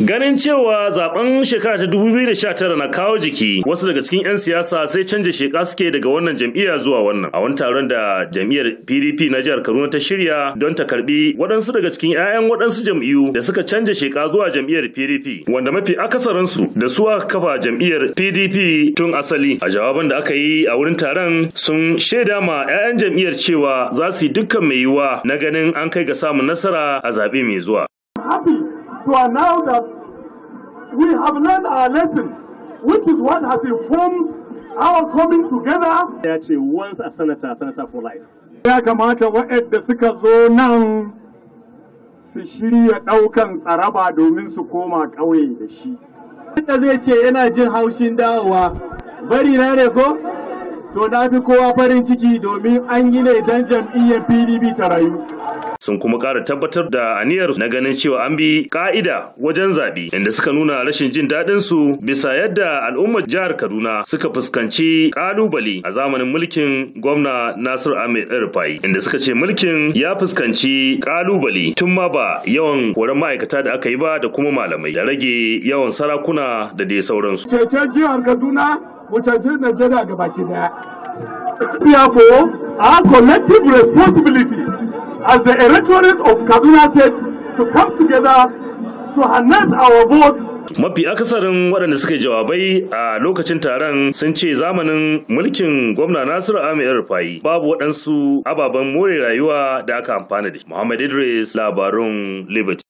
Ganin cewa zaben shekara ta 2019 na kawo jiki wasu daga cikin 'yan siyasa sai canja sheka suke daga wannan jam'iyya zuwa wannan. A wani taron da jam'iyyar PDP na jihar Kaduna ta shirya don ta karbi waɗansu daga cikin 'ya'yan waɗansu jam'iyyu da suka canja sheka zuwa jam'iyyar PDP wanda mafi akasarinsu da su aka kafa jam'iyyar PDP tun asali. A jawaban da aka yi a wurin taron sun shaida ma 'ya'yan jam'iyyar cewa za su yi dukkan mai yiwuwa na ganin an kai ga samun nasara a zaɓe mai zuwa. to announce that we have learned our lesson, which is what has informed our coming together. Ya ce once a senator, senator for life. Ya kamata waɗanda suka zo nan su shirya ɗaukan tsaraba domin su koma ƙauye da shi. Wanda zai ce yana jin haushin dawowa, bari na ne ko? To na fi kowa farin ciki domin an yi ne dan jam'iyyar PDP ta rayu. sun kuma ƙara tabbatar da aniyar na ganin cewa an bi ka'ida wajen zaɓe inda suka nuna rashin jin daɗin su bisa yadda al'ummar jihar Kaduna suka fuskanci ƙalubale a zamanin mulkin gwamna Nasir Ahmed Rufai inda suka ce mulkin ya fuskanci ƙalubale tun ma ba yawan koran ma'aikata da aka yi ba da kuma malamai da rage yawan sarakuna da dai sauransu. Cecen jihar Kaduna mu cecen Najeriya gabaki daya. Iyako, our collective responsibility as the electorate of Kaduna said to come together to harness our votes. Mafi akasarin waɗanda suka jawabai a lokacin taron sun ce zamanin mulkin gwamna Nasiru Ahmed Rufai babu waɗansu ababen more rayuwa da aka amfana da shi. Muhammad Idris labarun Liberty.